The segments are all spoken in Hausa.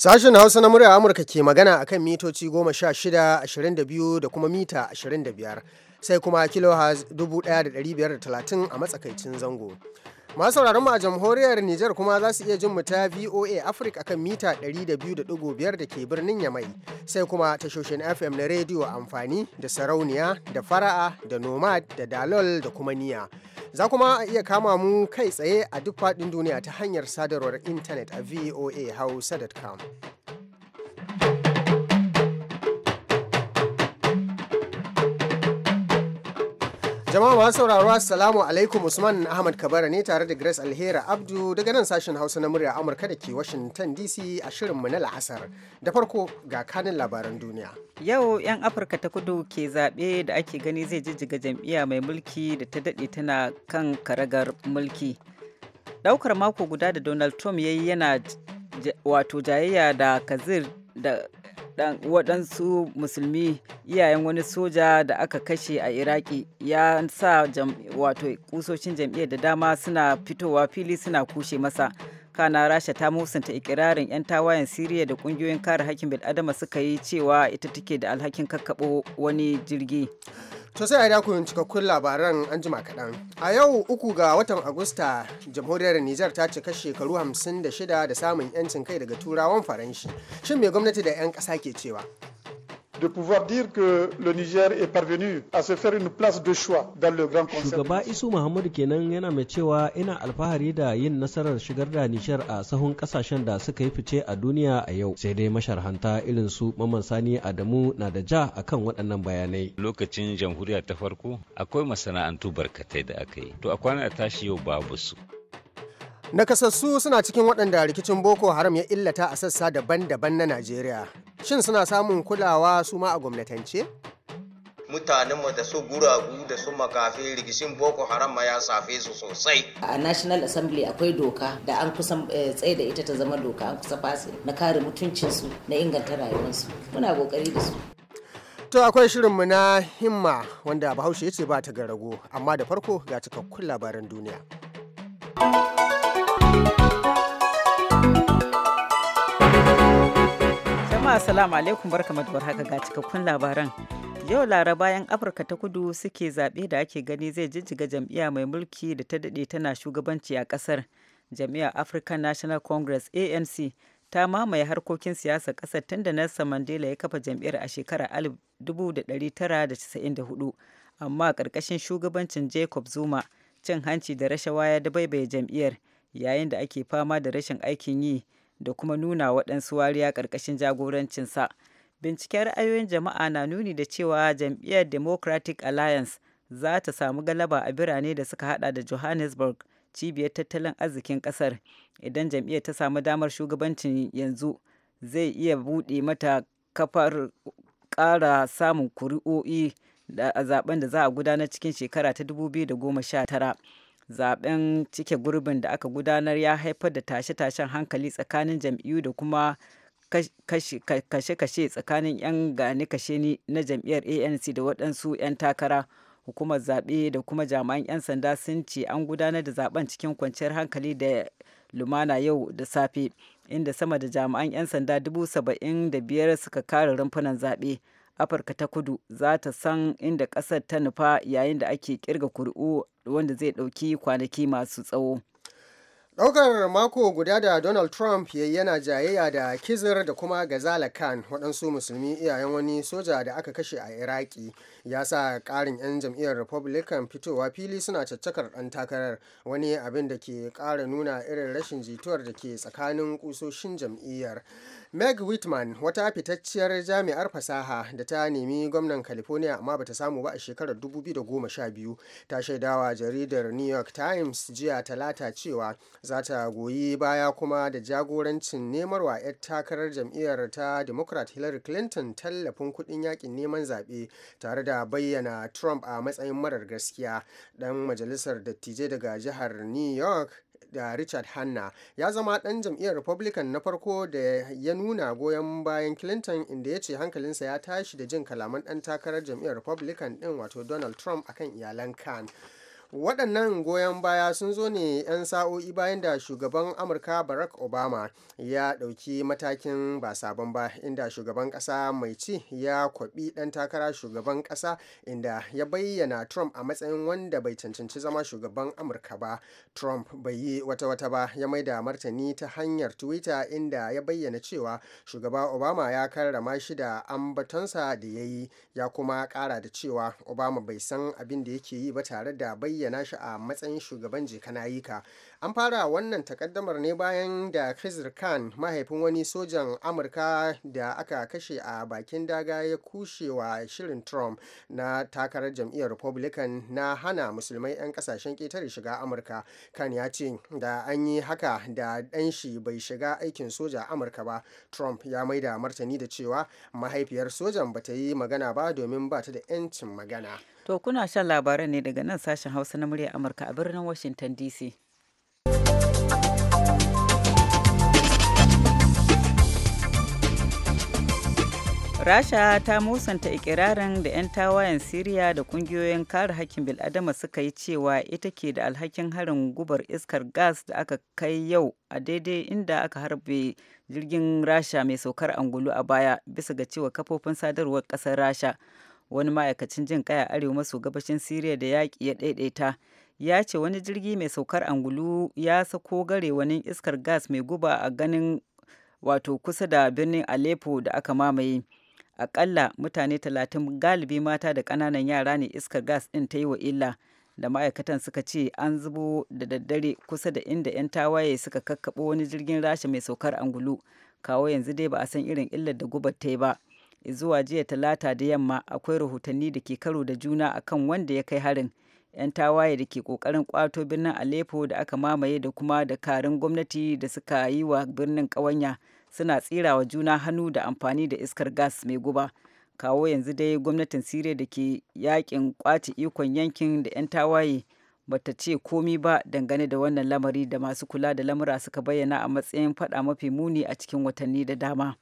Sashen Hausa na murya Amurka ke magana a kan mitoci goma sha shida, ashirin da biyu da kuma mita ashirin sai kuma kilohertz dubu a matsakaicin zango. Masu sauraron mu a jamhuriyar Nijar kuma za su iya jin mu ta VOA Africa akan mita 200.5 da ke birnin Yamai sai kuma tashoshin FM na rediyo amfani da sarauniya da fara'a da nomad da dalol da kuma niya. Za kuma iya kama mu kai tsaye a duk faɗin duniya ta hanyar sadarwar intanet a voahausa.com. Jama'a masu sauraro Assalamu alaikum Usman Ahmad Kabara ne tare da Grace Alhera Abdu daga nan sashen Hausa na murya Amurka da ke Washington DC a shirinmu na la'asar. Da farko ga kanin labaran duniya. Yau 'yan Afirka ta kudu ke zaɓe da ake gani zai jijjiga jam'iyya mai mulki da ta daɗe tana kan karagar mulki. Ɗaukar mako guda da Donald Trump ya yi yana wato jayayya da Kazir da waɗansu musulmi iyayen wani soja da aka kashe a iraki ya sa wato kusoshin jam'iyyar da dama suna fitowa fili suna kushe masa na rasha ta musanta ikirarin 'yan tawayen siriya da kungiyoyin kare hakkin bil'adama suka yi cewa ita take da alhakin kakkaɓo wani jirgi to sai a dakon cikakkun labaran an jima kaɗan a yau uku ga watan agusta jamhuriyar nijar ta cika shekaru 56 da samun 'yancin kai daga turawan faranshi shin mai gwamnati da 'yan ƙasa ke cewa de pouvoir dire que le Niger est parvenu à se faire une place de choix dans le grand conseil. Shugaba Isu Muhammad kenan yana mai cewa ina alfahari da yin nasarar shigar da Niger a sahun kasashen da suka yi fice a duniya a yau. Sai dai masharhanta irin su Maman Sani Adamu na da ja akan waɗannan bayanai. Lokacin jamhuriya ta farko akwai masana'antu barkatai da aka yi. To a kwana tashi yau babu su. Nakasassu suna cikin waɗanda rikicin Boko Haram ya illata a sassa daban-daban na Najeriya. Shin suna samun kulawa su ma a gwamnatance? mutanenmu da su guragu da su makafi rikicin boko haram ma ya safe su sosai a national assembly akwai doka da an kusa eh, tsaye da ita ta zama doka an kusa fasi na kare mutuncinsu na inganta rayuwarsu muna kokari da su to akwai shirinmu na himma wanda bahaushe ya ce ba ta garago amma da farko ga cikakkun labaran duniya jama'a assalamu alaikum barkamu da haka ga cikakkun labaran yau laraba yan afirka ta kudu suke zaɓe da ake gani zai jijjiga jam'iyya mai mulki da ta daɗe tana shugabanci a ƙasar jam'iyyar african national congress anc ta mamaye harkokin siyasar ƙasar tun da nelson mandela ya kafa jam'iyyar a shekarar 1994 amma a ƙarƙashin shugabancin jacob zuma cin hanci da rashawa ya dabaibaye jam'iyyar yayin da ake fama da rashin aikin yi da kuma nuna waɗansu wariya ƙarƙashin jagorancinsa. Binciken ra'ayoyin jama'a na nuni da cewa jam'iyyar Democratic Alliance za ta samu galaba a birane da suka hada da Johannesburg, cibiyar tattalin arzikin ƙasar. Idan jam'iyyar ta samu damar shugabancin yanzu, zai iya buɗe mata kafar ƙara samun kuri'o'i a zaben da za a gudanar cikin shekara ta 2019. zaben cike gurbin da aka gudanar ya haifar da tashe-tashen hankali tsakanin jam'iyyu da kuma kashe-kashe tsakanin 'yan gani kashe ni na jam'iyyar anc da waɗansu 'yan takara hukumar zaɓe da kuma jami'an 'yan sanda sun ce an gudanar da zaben cikin kwanciyar hankali da lumana yau da safe inda sama da jami'an 'yan sanda dubu saba'in da suka kare rumfunan zaɓe afirka ta kudu za ta san inda ƙasar ta nufa yayin da ake kirga kuri'u wanda zai ɗauki kwanaki masu tsawo ɗaukar mako guda da donald trump ya yana jayayya da kizir da kuma gazala khan waɗansu musulmi iyayen wani soja da aka kashe a iraki ya sa ƙarin 'yan jam'iyyar republican fitowa fili suna caccakar ɗan takarar wani abin da ke kara nuna irin rashin jituwar da ke tsakanin kusoshin jam'iyyar meg whitman wata fitacciyar jami'ar fasaha da ta nemi gwamnan california amma bata samu ba a shekarar 2012 ta shaidawa jaridar new york times jiya talata cewa za ta goyi baya kuma da jagorancin nemarwa 'yar takarar jam'iyyar ta democrat hillary clinton tallafin kudin yakin neman zaɓe tare da bayyana trump a matsayin marar gaskiya dan majalisar dattijai daga jihar new york da richard hanna ya zama ɗan jam'iyyar republican na farko da ya nuna goyon bayan clinton inda ya ce hankalinsa ya tashi da jin kalaman ɗan takarar jam'iyyar republican ɗin wato donald trump akan iyalan khan waɗannan goyon baya sun zo ne 'yan sa'o'i bayan da shugaban amurka barack obama ya ɗauki matakin ba sabon ba inda shugaban ƙasa mai ci ya kwaɓi ɗan takara shugaban ƙasa inda ya bayyana trump a matsayin wanda bai cancanci zama shugaban amurka ba trump bai yi wata-wata ba ya maida martani ta hanyar twitter inda ya bayyana cewa shugaba obama ya karrama shi da ambatonsa da ya yi ya kuma ƙara da cewa obama bai san abin da yake yi ba tare da bayyana bayyana shi a matsayin shugaban jeka nayika an fara wannan takaddamar ne bayan da khizr khan mahaifin wani sojan amurka da aka kashe a bakin daga ya kushe wa shirin trump na takarar jam'iyyar republican na hana musulmai 'yan kasashen ƙetare shiga amurka kan ya ce da an yi haka da ɗan shi bai shiga aikin soja amurka ba trump ya mai da martani da cewa mahaifiyar sojan ba ta yi magana ba domin ba ta da 'yancin magana to kuna shan labaran ne daga nan sashen hausa na murya amurka a birnin washington dc rasha ta musanta ikirarin da 'yan tawayen siriya da kungiyoyin kare hakkin bil'adama suka yi cewa ita ke da alhakin harin gubar iskar gas da aka kai yau a daidai inda aka harbe jirgin rasha mai saukar angulu a baya bisa ga cewa kafofin sadarwar kasar rasha wani ma'aikacin jin kaya arewa maso gabashin siriya da yaƙi ya ɗaiɗaita ya ce wani jirgi mai saukar angulu ya sako wani iskar gas mai guba a ganin wato kusa da birnin aleppo da aka mamaye akalla mutane talatin galibi mata da ƙananan yara ne iskar gas ɗin ta yi wa illa da ma'aikatan suka ce an zubo da daddare kusa da inda 'yan tawaye suka kakkaɓo wani jirgin rasha mai saukar angulu kawo yanzu dai ba a san irin illar da gubar ta yi ba zuwa jiya talata da yamma akwai rahotanni da ke karo da juna akan wanda ya kai harin 'yan tawaye da ke kokarin kwato birnin aleppo da aka mamaye da kuma da karin gwamnati da suka yi wa birnin ƙawanya suna tsira wa juna hannu da amfani da iskar gas mai guba kawo yanzu dai gwamnatin siriya da ke yakin kwace ikon yankin da 'yan tawaye bata ce komi ba dangane da wannan lamari da masu kula da lamura suka bayyana a matsayin fada mafi muni a cikin watanni da dama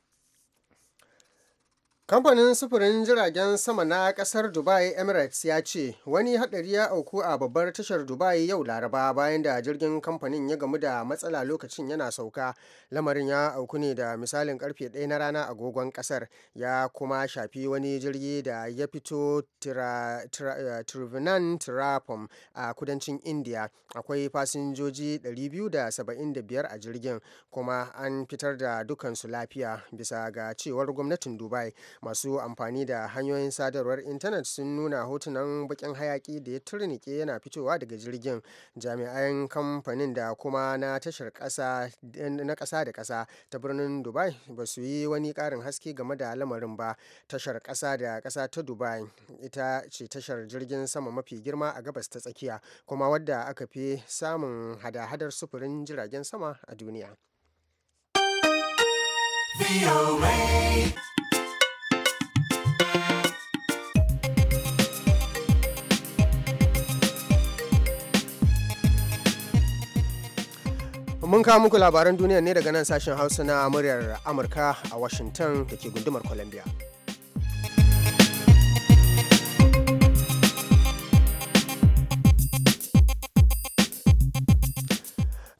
Kamfanin sufurin jiragen sama na kasar Dubai Emirates ya ce wani haɗari ya auku a babbar tashar Dubai yau Laraba bayan da jirgin kamfanin ya gamu da matsala lokacin yana sauka. Lamarin ya auku ne da misalin karfe ɗaya na rana agogon kasar ya kuma shafi wani jirgi da ya fito eh, Trivunan Tirapom a kudancin India. Akwai fasinjoji 275 a jirgin kuma an fitar da dukansu lafiya bisa ga cewar gwamnatin Dubai. masu amfani da hanyoyin sadarwar intanet sun nuna hotunan bakin hayaki da ya turnike yana fitowa daga jirgin jami'an kamfanin da kuma na tashar kasa na kasa da kasa ta birnin dubai ba su yi wani karin haske game da lamarin ba tashar kasa da kasa ta dubai ita ce tashar jirgin sama mafi girma a gabas ta tsakiya kuma wadda aka fi samun hada-hadar sufurin jiragen sama a duniya. kawo muku labaran duniya ne daga nan sashen hausa na muryar amurka a washington da ke gundumar columbia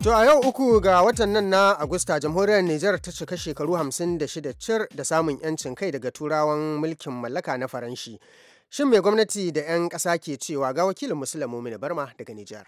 To a yau uku ga watan nan na Agusta jamhuriyar Nijar ta cika shekaru 56 cir da samun 'yancin kai daga turawan mulkin mallaka na Faranshi. Shin mai gwamnati da 'yan ƙasa ke cewa ga wakilin Musulun Barma daga Nijar.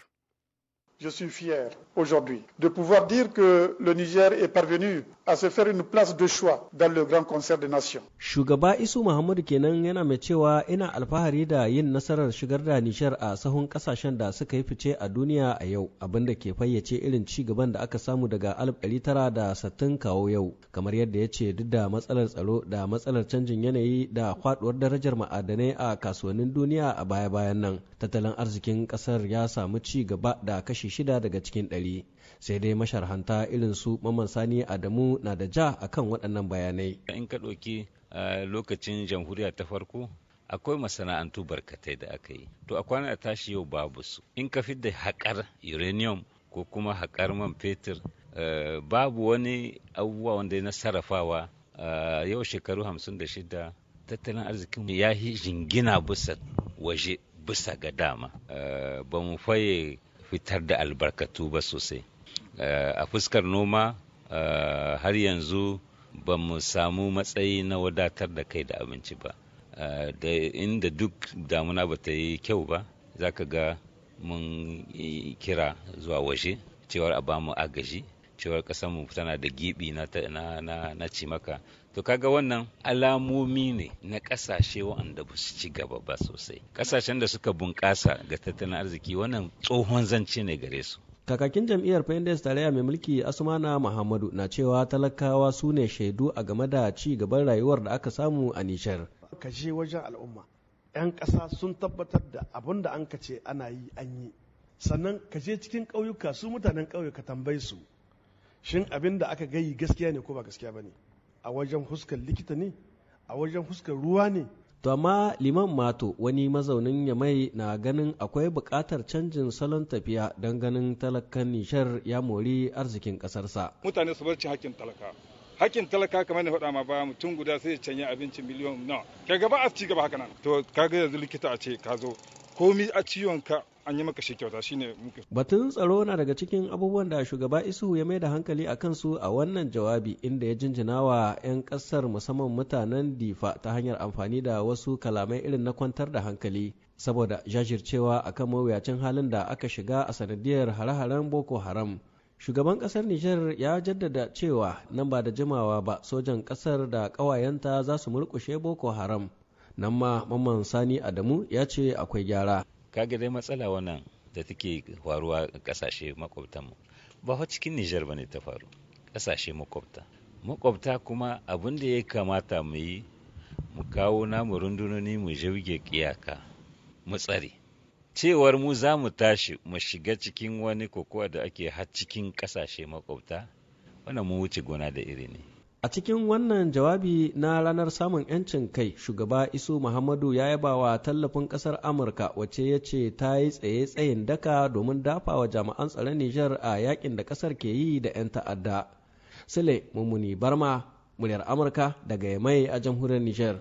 Je suis fier aujourd'hui de pouvoir dire que le Niger est parvenu a se faire une place de choix dans le grand concert des nations. Shugaba Isu Muhammadu kenan yana mai cewa ina alfahari da yin nasarar shigar da Nijar a sahun kasashen da suka yi fice a duniya a yau abinda ke fayyace irin ci gaban da aka samu daga 1960 kawo yau kamar yadda ya ce duk da matsalar tsaro da matsalar canjin yanayi da kwaduwar darajar ma'adanai a kasuwannin duniya a baya-bayan nan tattalin arzikin kasar ya samu ci gaba da kashi shida daga cikin ɗari sai dai masharhanta irin su maman sani adamu na da ja akan waɗannan bayanai in ka ɗauki lokacin jamhuriya ta farko akwai masana'antu barkatai da aka yi to a kwana tashi yau babu su in ka fi da haƙar uranium ko kuma haƙar man fetur babu wani abubuwa wanda na sarrafawa yau shekaru hamsin da shida tattalin arzikin ya yi jingina bisa waje bisa ga dama ba mu faye fitar da albarkatu ba sosai eh, a fuskar noma eh, har yanzu ba mu samu matsayi na wadatar da kai da abinci ba eh, da inda duk damuna ba ta yi kyau ba za ka ga mun kira zuwa waje cewar a bamu agaji cewar ƙasar mu tana da gibi na na na, na cimaka to kaga wannan alamomi ne na ƙasashe wanda ba su ci gaba ba sosai ƙasashen da suka bunƙasa ga tattalin arziki wannan tsohon zance ne gare su kakakin jam'iyyar pendes tarayya mai mulki asmana muhammadu na cewa talakawa su ne shaidu a game da ci gaban rayuwar da aka samu a nishar je wajen al'umma 'yan ƙasa sun tabbatar da abin da an ce ana yi an yi sannan ka je cikin ƙauyuka su mutanen ƙauye ka tambayi su shin abin da aka gayi gaskiya ne ko ba gaskiya ba ne a wajen huskar likita ne a wajen huskar ruwa ne to amma liman mato wani mazaunin yamai na ganin akwai buƙatar canjin salon tafiya don ganin talakan nishar ya mori arzikin ƙasarsa mutane su barci hakkin talaka hakkin talaka kamar ne faɗa ma ba mutum guda sai ya canya abinci miliyon na kaga ba a ci gaba haka nan to kaga yanzu likita a ce ka zo komi a ciwon ka an yi maka kyauta shine muke batun tsaro na daga cikin abubuwan da shugaba isu ya mai da hankali a kansu a wannan jawabi inda ya jinjina wa 'yan kasar musamman mutanen difa ta hanyar amfani da wasu kalamai irin na kwantar da hankali saboda jajircewa akan mawuyacin halin da aka shiga a sanadiyar hare-haren boko haram shugaban kasar Nijar ya jaddada cewa nan ba da jimawa ba sojan kasar da kawayenta za su murkushe Boko Haram. Nan ma Mamman Sani Adamu ya ce akwai gyara. kaga dai matsala wannan da take faruwa a kasashe makwabtanmu ba fa cikin Nijar ne ta faru kasashe makwabta makwabta kuma abin da ya kamata mu yi mu kawo namu rundunoni mu jirge kiyaka mu tsare cewar mu za mu tashi mu shiga cikin wani kokowa da ake har cikin kasashe makwabta wannan mu wuce gona da iri ne A cikin wannan jawabi na ranar samun 'yancin kai, shugaba iso Muhammadu ya yaba wa tallafin ƙasar Amurka wace ya ce ta yi tsaye tsayin daka domin dafa wa jami'an tsaron Nijar a yakin da ƙasar ke yi da 'yan ta'adda. Sule Mummuni Barma, muryar Amurka daga Yamai a jamhuriyar Nijar.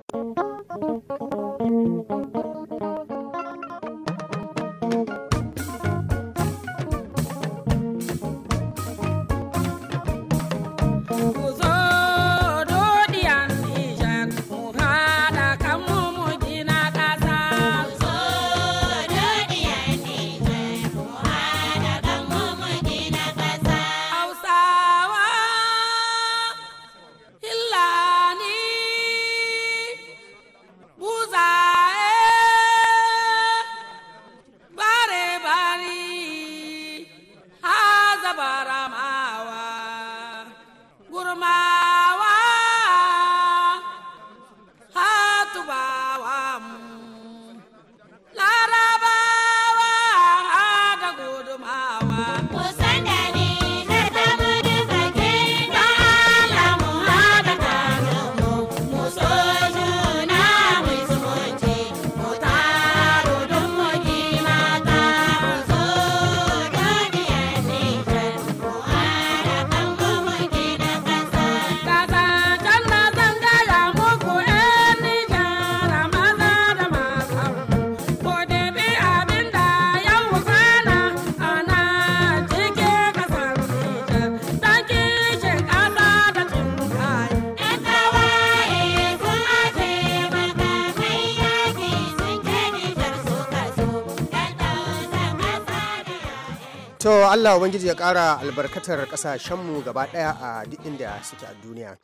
Allah Ubangiji ya ƙara albarkatar ƙasashenmu gaba ɗaya a duk inda suke a duniya.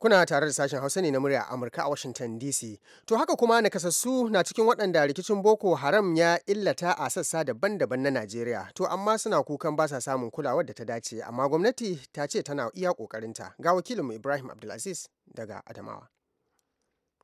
Kuna tare da sashen Hausa ne na murya Amurka a Washington DC. To haka kuma nakasassu na cikin waɗanda rikicin Boko Haram ya illata a sassa daban-daban na Najeriya. To amma suna kukan ba sa samun kulawar da ta dace, amma gwamnati ta ce tana iya ƙoƙarinta. Ga wakilinmu Ibrahim Abdulaziz daga Adamawa.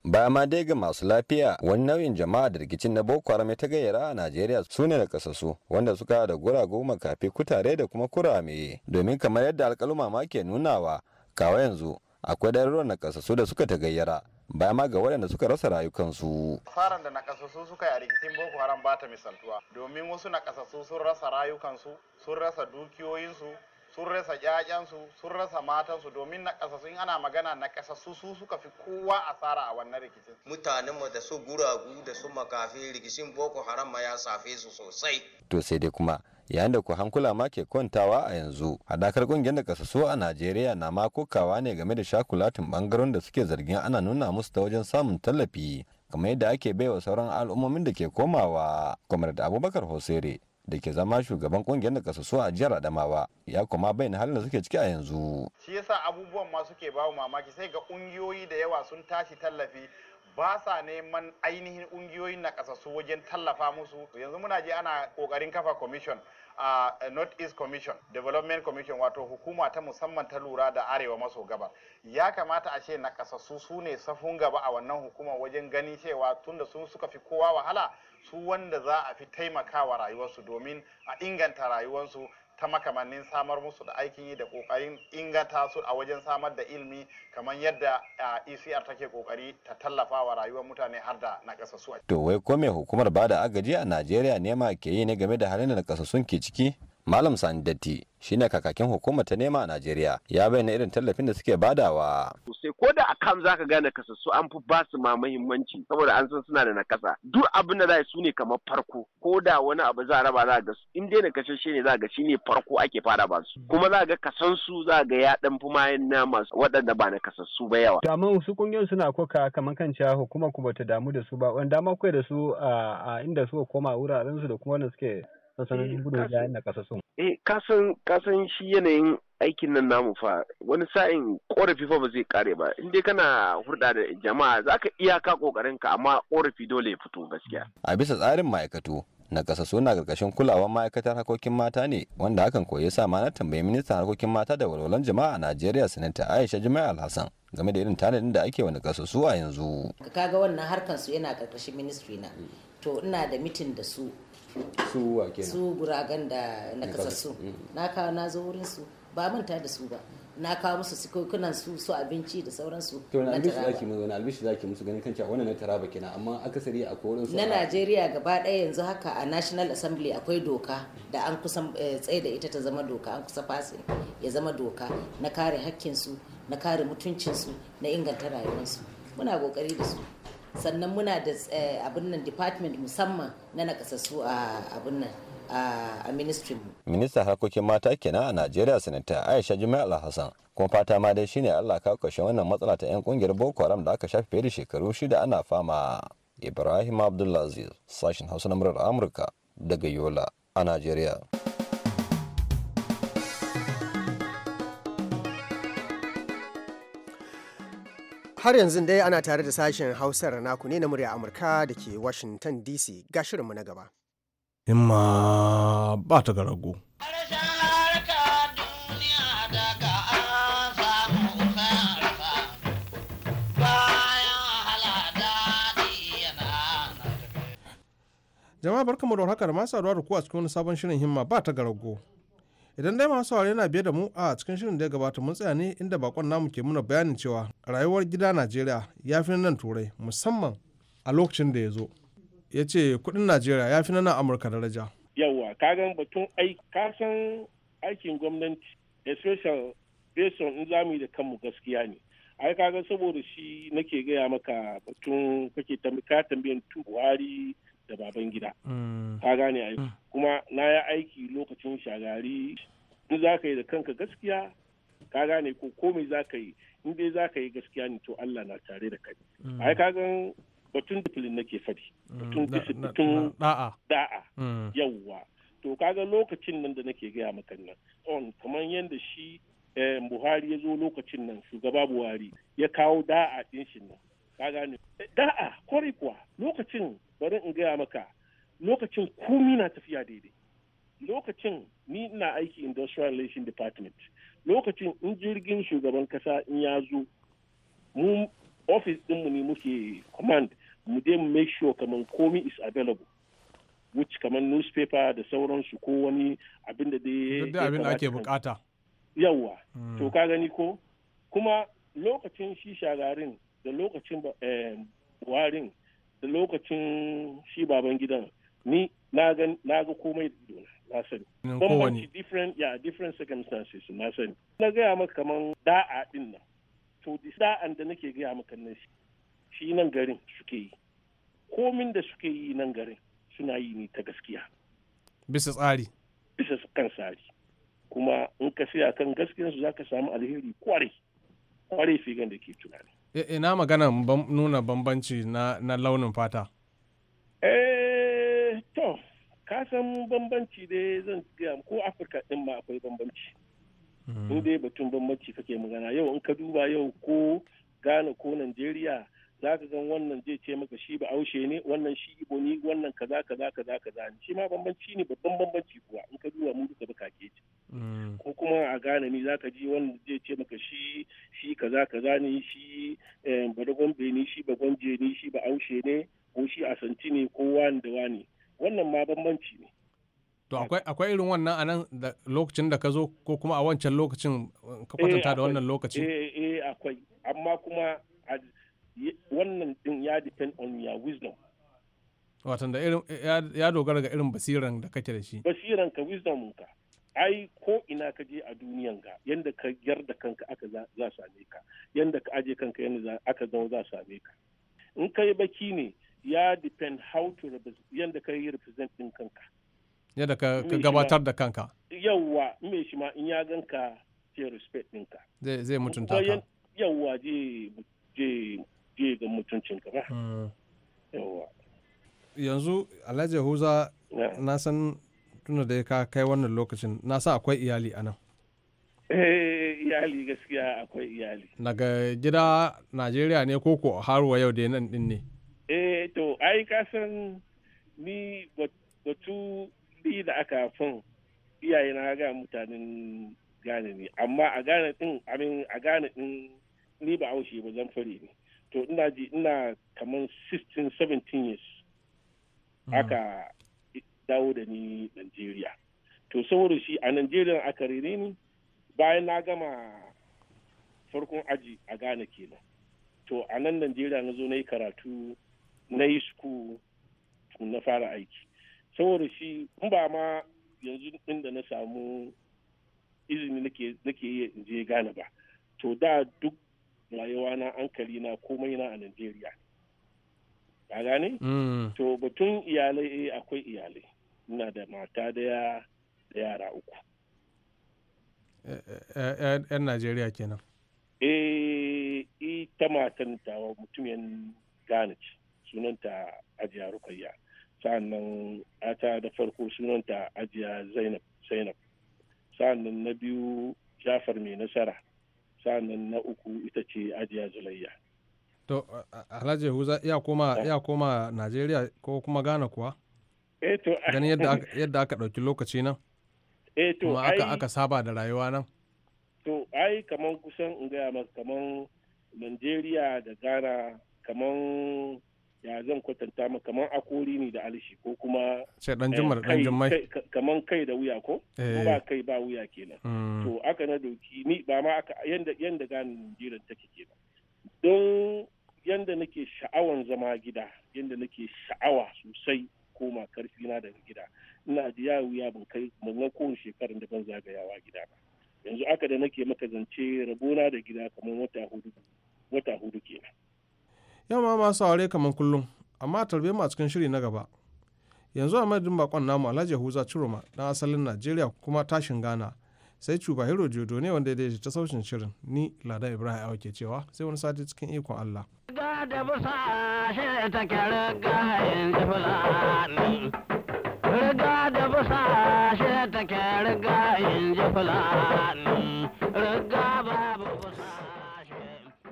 ba ma dai ga masu lafiya wani nau'in jama'a da rikicin na boko haram ta gayyara a najeriya su ne da kasasu wanda suka da gurago makafi kutare da kuma kurame domin kamar yadda alkaluma ma ke nunawa kawo yanzu akwai ɗaruruwan na kasasu da suka ta gayyara ba ma ga waɗanda suka rasa rayukansu. Asaran da nakasassu suka yi a rikicin Boko Haram ba ta misaltuwa domin wasu naƙasassu sun rasa rayukansu, sun rasa dukiyoyinsu, sun rasa jajensu sun rasa matansu domin na ƙasa sun ana magana na ƙasa su su suka fi kowa asara a wannan rikicin mutanen mu da su guragu da su makafi rikicin boko haram ma ya safe su sosai to sai dai kuma yayin da ku hankula ma ke kwantawa a yanzu hadakar ƙungiyar da kasasu a najeriya na ma kokawa ne game da shakulatin bangaren da suke zargin ana nuna musu ta wajen samun tallafi kamar yadda ake baiwa sauran al'ummomin da ke komawa kwamar da abubakar hosere da ke zama shugaban kungiyar nakasassu a jihar adamawa ya kuma bayyana halin da suke ciki a yanzu shi yasa abubuwan ma suke bawo mamaki sai ga kungiyoyi da yawa sun tashi tallafi ba sa neman ainihin kungiyoyin nakasassu wajen tallafa musu yanzu muna je ana kokarin kafa commission a uh, north east commission development commission wato hukuma ta musamman ta lura da arewa maso gaba ya kamata a ce nakasassu su ne safun gaba a wannan hukuma wajen ganin cewa tunda sun suka fi kowa wahala su wanda za a fi taimakawa rayuwarsu domin a inganta rayuwarsu ta makamannin samar musu da aikin yi da kokarin inganta su a wajen samar da ilimi kamar yadda ECR take kokari ta tallafa wa rayuwar mutane har da nakasassu. To wai kome hukumar bada agaji a Najeriya nema ke yi ne game da halin da nakasassun ke ciki? Malam Sani Datti shi ne kakakin hukumar ta nema a Najeriya ya bayyana irin tallafin da suke badawa. Sai ko da akam ka gane kasassu an fi ba su ma muhimmanci saboda an san suna da nakasa. Duk abin da za su ne kamar farko ko da wani abu za a raba za a ga in dai nakasashe ne za a ga ne farko ake fara ba su. Kuma za ga kasan su za ga ya dan fi mayan na masu waɗanda ba nakasassu ba yawa. Da mun su kungiyoyin suna koka kamar kan cewa hukumar ku bata damu da su ba dama ma da su a inda suka koma wuraren su da kuma wanda suke Eh, eh kasan kasan shi yanayin aikin nan namu fa wani sa'in korafi fa ba zai kare ba inda kana hulɗa da jama'a zaka iyaka kokarin ka amma korafi dole ya fito gaskiya. A bisa tsarin ma'aikatu na kasa suna karkashin kulawar ma'aikatar harkokin mata ne wanda hakan koyi sa ma na tambayi ministan harkokin mata da walwalan jama'a a Najeriya sanata Aisha Jimai Alhassan game da irin tanadin da ake wani kasa su a yanzu. Kaga wannan harkar su yana ƙarƙashin ministry na to ina da mitin da su su wa kenan su guragan da na kasassu mm. na kawo na zo wurin su ba manta da su ba na kawo musu sikokunan su su abinci da sauransu to na albishi zaki mu na albishi zaki musu ganin kanci wannan na taraba kenan amma akasari a wurin su na Najeriya gaba ɗaya yanzu haka a National Assembly akwai doka da an kusan eh, tsaye da ita ta zama doka an kusa fasin ya zama doka na kare hakkin su na kare mutuncin su na inganta rayuwarsu muna kokari da su sannan muna da eh, abin nan department musamman na nakasassu a abin nan a ministry mu. Ministan harkokin mata kenan a Najeriya sanata Aisha jimai Alhassan kuma fata ma dai shine Allah ka kashe wannan matsala ta 'yan kungiyar Boko Haram da aka shafe fere da shekaru shida ana fama. Ibrahim Abdulaziz sashen Hausa na Amurka daga Yola a Najeriya. Har yanzu dai ana tare da sashen Hausar naku ne na murya Amurka da ke Washington DC ga shirinmu na gaba. Himma ba ta ga garago. Jama'a barkamu da haka da masu saduwa da kuwa cikin wani sabon shirin himma ba ta ga rago. idan dai masu saurare na biye da mu a cikin shirin da ya gabata mun tsaya ne inda bakon namu ke muna bayanin cewa rayuwar gida najeriya ya fi nan turai musamman a lokacin da ya zo ya ce kudin najeriya ya fi nan amurka daraja yawwa kagan batun kasan aikin gwamnati da based on in zamu yi da kanmu gaskiya ne ai kaga saboda shi nake gaya maka batun kake tambayar tambayan buhari da baban gida mm. ka gane a mm. kuma na yi aiki lokacin shagari in za ka yi da kanka gaskiya ka gane ko komai za ka yi in dai za ka yi gaskiya ne to Allah na tare da kai mm. ai ka gan batun discipline nake fadi batun discipline da'a da'a yawwa to kaga lokacin nan da nake gaya maka nan on kamar yadda shi eh, Buhari ya zo lokacin nan shugaba Buhari ya kawo da'a ɗin shi nan ka gane da'a kwarai kuwa lokacin bari in gaya maka lokacin komi na tafiya daidai lokacin ni ina aiki industrial relations department lokacin in jirgin shugaban kasa in ya zo mu office dinmu ne muke command mu dai mu make sure kamar komi is available which kamar newspaper da sauransu ko wani abin da dai da abin da ake bukata yawwa hmm. to ka gani ko kuma lokacin shi shagarin da lokacin buharin eh, lokacin shi baban gidan ni na ga komai da dona na sani bambanci different ya different circumstances na sani na gaya maka kaman da'a din nan to da'an da nake gaya maka nan shi nan garin suke yi komin da suke yi nan garin suna yi ni ta gaskiya bisa tsari bisa kan tsari kuma in ka siya kan gaskiyarsu za ka samu alheri kwarai kwarai figan da ke tunani Eh, ina magana nuna bambanci na, launin fata eh to ka san bambanci dai zan gaya ko afirka din ma akwai bambanci hmm. in dai batun bambanci kake magana yau in ka duba yau ko ghana ko nigeria za ka gan wannan zai ce maka shi ba aushe ne wannan shi ibo ne wannan kaza kaza kaza kaza ne shi ma bambanci ne babban bambanci kuwa in ka duba mu duka baka ke ce hmm. ko kuma a gane ni za ka ji wannan zai ce maka shi shi kaza kaza ne shi Eh, bari gwambe ni shi ba gwamje ni shi ba aushe ne ko shi asanti ne ko wani da wani wannan ma bambanci ne to akwai irin wannan a nan da lokacin da ka zo ko kuma a wancan lokacin eh, ka kwatanta da eh, wannan lokaci eh eh akwai amma kuma wannan din ya depend on your wisdom watan da irin ya dogara ga irin basiran da kake da shi basiran ka wisdom ka ai ko ina ka je a duniyan ga yanda ka yarda kanka aka za same ka yanda ka aje kanka yanda aka zama za same ka in ka yi baki ne ya depend how to yanda ka yi represent din kanka yadda ka gabatar da kanka yawwa me shi ma in ya ganka ce respect ɗinka zai mutunta ka yawwa je ga ka ba hmm. yawwa yanzu alhaji huza na san tuna da ka kai wannan lokacin na sa akwai iyali a nan eh, iyali gaskiya akwai iyali daga gida najeriya ne koko har wa yau da nan din ne eh to ai ka san ni batu ni da aka fin iyaye na ga mutanen gane ne amma a gane din amin a gane din ni ba aushe ba zan fare ne to ina ji ina kaman 16 17 years hmm. aka dawo da ni Najeriya. To saboda shi a Najeriya aka rene ni bayan na gama farkon aji a Ghana kenan. To a nan Najeriya na zo na yi karatu na yi suku na fara aiki. Saboda shi in ba ma yanzu inda na samu izini nake yi in je Ghana ba. To da duk rayuwa na hankali na komai na a Najeriya. ka gane? Mm. To batun iyalai eh, akwai iyalai. ina da mata daya da yara uku eh, eh, yan najeriya kenan eh ita matan tawa mutumin gane ce sunanta ajiya rukayya sa'annan ata da farko sunanta ajiya zainab zainab na biyu jafar mai nasara sa'annan na uku ita ce ajiya zulayya to alhaji huza ya koma najeriya ko kuma gane kuwa Eh, gani yadda aka ɗauki lokaci nan eh, kuma aka aka saba da rayuwa nan to ai kamar kusan in gaya maka kamar Najeriya da Ghana kamar ya zan kwatanta ma kamar akori ne da alishi ko kuma sai dan eh, jimar dan jimmai kamar kai da wuya ko ba kai ba wuya kenan mm. to aka na doki ni ba ma aka yanda yanda gani Najeriya take kenan don yanda nake sha'awan zama gida yanda nake sha'awa sosai koma karfi na daga gida ina ji ya wuya ban kai ban kowace shekarar da ban zagayawa gida ba yanzu aka da nake maka zance rabona da gida kamar wata hudu wata hudu kenan yamma masu aure kamar kullum amma tarbe mu a cikin shiri na gaba yanzu a madadin bakon namu alhaji huza ciroma dan asalin najeriya kuma tashin ghana sai cuba hero Jodo ne wanda ya ta saucin shirin ni Lada Ibrahim Awa ke cewa sai wani sati cikin ikon Allah.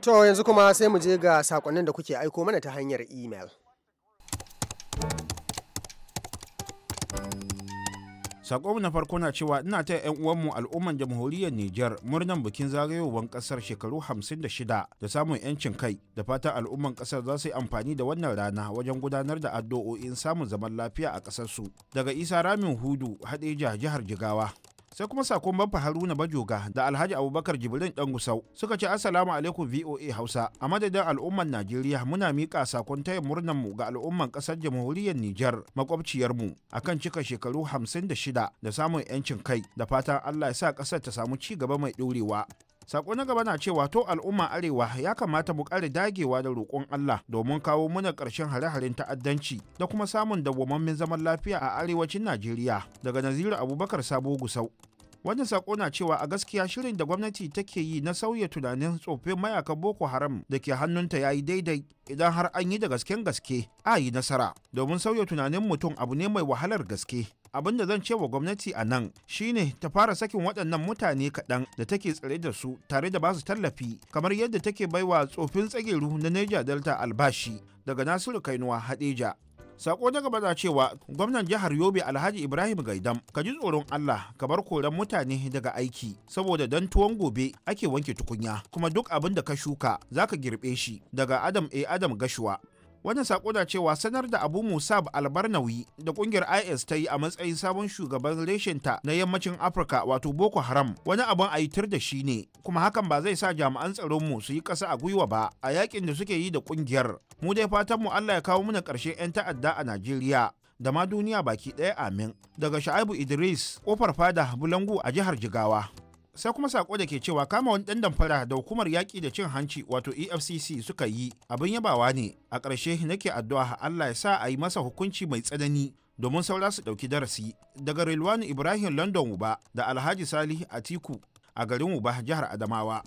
To yanzu kuma sai mu je ga sakonnin da kuke aiko mana ta hanyar imel. Sakon na farko na cewa ina ta 'yan uwanmu al'umman jamhuriyar Nijar murnan bikin zagayowar kasar shekaru 56 da samun 'yancin kai da fatan al'umman kasar za su yi amfani da wannan rana wajen gudanar da addu'o'in samun zaman lafiya a kasarsu. Daga Isa Ramin Hudu, Hadeja, jihar Jigawa. sai kuma sakon banfa haruna bajoga da alhaji abubakar jibrin dan gusau suka ce assalamu alaikum voa hausa a madadin al'umman najeriya muna miƙa sakon taya murnan mu ga al'umman ƙasar jamhuriyar nijar makwabciyar mu akan cika shekaru hamsin da shida da samun yancin kai da fatan allah ya sa ƙasar ta samu ci gaba mai ɗorewa sako na gaba na cewa to al'umma arewa ya kamata mu kare dagewa da roƙon Allah domin kawo muna ƙarshen hare-haren ta'addanci da kuma samun dawwamammen zaman lafiya a arewacin Najeriya daga Naziru Abubakar Sabo Gusau. wannan sako na cewa a gaskiya shirin da gwamnati take yi na sauya tunanin tsofin mayaka boko haram da ke hannunta ya yi daidai idan har an yi da gasken gaske a yi nasara domin sauya tunanin mutum abu ne mai wahalar gaske abin da zan cewa gwamnati a nan shine ta fara sakin waɗannan mutane kaɗan da take tsare da su tare da basu tallafi kamar yadda take baiwa tsofin tsagiru na niger delta albashi daga nasiru kainuwa hadeja sako na gaba cewa gwamnan jihar yobe alhaji ibrahim gaidam ka ji tsoron allah ka bar koran mutane daga aiki saboda dan tuwon gobe ake wanke tukunya kuma duk abin da ka shuka za ka girbe shi daga adam a adam gashuwa wannan sako na cewa sanar da abu musab albarnawi da kungiyar is ta yi a matsayin sabon shugaban reshenta na yammacin afirka wato boko haram wani abun a yitar da shi ne kuma hakan ba zai sa jami'an tsaron mu su yi kasa a gwiwa ba a yakin da suke yi da kungiyar mu dai fatan mu allah ya kawo mana ƙarshen 'yan ta'adda a najeriya da ma duniya baki ɗaya amin daga sha'abu idris kofar fada bulangu a jihar jigawa sai kuma sako da ke cewa kama wani dan damfara da hukumar yaƙi da cin hanci wato efcc suka yi abin yabawa ne a ƙarshe nake addu'a allah ya sa a yi masa hukunci mai tsanani domin saura su ɗauki darasi daga rilwani ibrahim london uba da alhaji salih atiku a garin uba jihar adamawa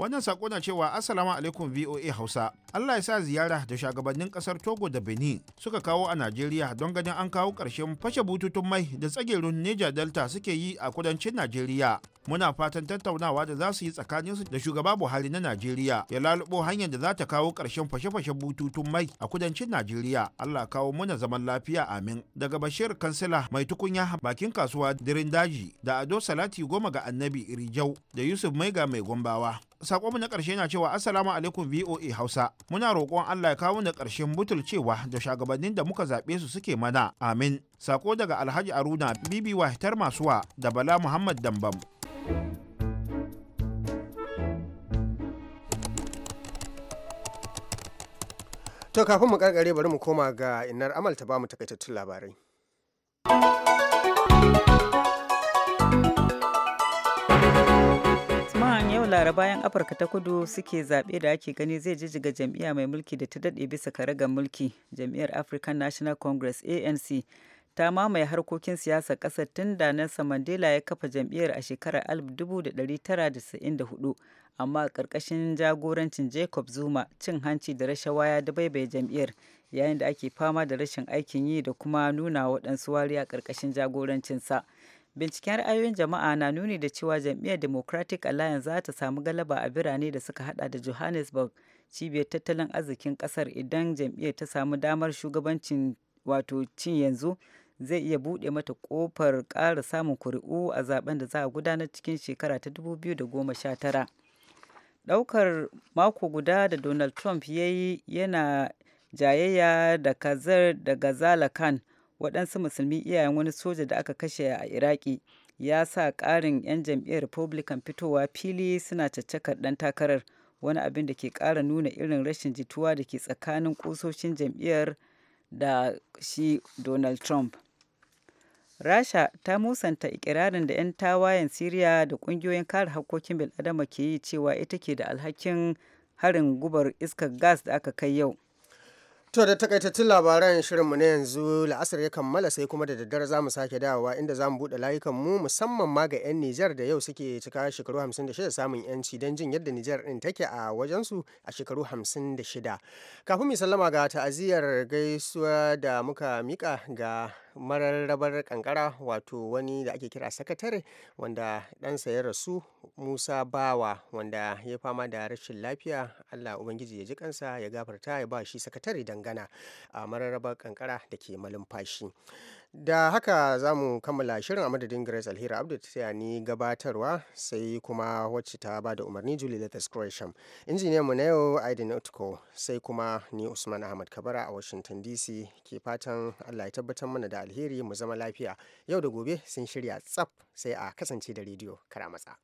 wannan sako na cewa assalamu alaikum voa hausa allah ya sa ziyara da shugabannin kasar togo da benin suka kawo a najeriya don ganin an kawo ƙarshen fashe bututun mai da tsagerun neja delta suke yi a kudancin najeriya muna fatan tattaunawa da za su yi tsakanin su da shugaba buhari na najeriya ya lalubo hanyar da za ta kawo ƙarshen fashe-fashen bututun mai a kudancin najeriya allah kawo muna zaman lafiya amin daga bashir kansila mai tukunya bakin kasuwa dirin daji da ado salati goma ga annabi irijau da yusuf maiga mai gombawa sakonmu na ƙarshe na cewa assalamu alaikum voa hausa muna roƙon allah ya kawo da ƙarshen cewa da shugabannin da muka zaɓe su suke mana amin sako daga alhaji aruna bibi wahitar masuwa da bala muhammad dambam to kafin mu karkare bari mu koma ga inar amal ta mu takaitattun labarai laraba bayan afirka ta kudu suke zaɓe da ake gani zai jijjiga jam'iyya mai mulki da ta daɗe bisa karagar mulki jam'iyyar african national congress anc ta mamaye harkokin siyasar ƙasar tun da Nelson Mandela ya kafa jam'iyyar a shekarar 1994 amma ƙarƙashin jagorancin Jacob Zuma cin hanci da rashawa ya dabaibaye jam'iyyar yayin da ake fama da rashin aikin yi da kuma nuna waɗansu wariya ƙarƙashin jagorancinsa. Binciken ra'ayoyin jama'a na nuni da cewa jam'iyyar Democratic Alliance za ta samu galaba a birane da suka hada da Johannesburg, cibiyar tattalin arzikin kasar idan jam'iyyar ta samu damar shugabancin wato cin yanzu zai iya buɗe mata kofar ƙara samun kuri'u a zaben da za a gudanar cikin shekara ta 2019. Ɗaukar mako guda da Donald Trump ya yi yana jayayya da kazar daga Gazala Khan waɗansu musulmi iyayen wani soja da aka kashe a iraki ya sa ƙarin 'yan jam'iyyar republican fitowa fili suna caccakar ɗan takarar wani abin da ke ƙara nuna irin rashin jituwa da ke tsakanin ƙusoshin jam'iyyar da shi donald trump rasha ta musanta ikirarin da 'yan tawayen siriya da ƙungiyoyin kare hakkokin bil'adama ke yi cewa ita ke da alhakin harin gubar iskar gas da aka kai yau To da takaitattun labaran shirinmu na yanzu la'asar ya kammala sai kuma da daddare za mu sake dawowa inda za mu buɗe layukanmu musamman ma ga 'yan Nijar da yau suke cika shekaru 56 samun 'yanci don jin yadda Nijar ɗin take a wajensu a shekaru 56. Kafin mu sallama ga ta'aziyar gaisuwa da muka mika ga mararrabar kankara wato wani da ake kira sakatare wanda ɗansa ya rasu musa bawa wanda ya fama da rashin lafiya allah ubangiji ya ji kansa ya gafarta ya ba shi sakatare dangana a mararrabar kankara da ke malumfashi da haka za mu kammala shirin a madadin grace alheri abdu ta ni gabatarwa sai kuma wacce ta ba da umarni julie letters croatian injiniyan mu na yau aidin utko sai kuma ni usman ahmad kabara a washington dc ke fatan allah ya tabbatar mana da alheri mu zama lafiya yau da gobe sun shirya tsaf sai a kasance da rediyo kara matsa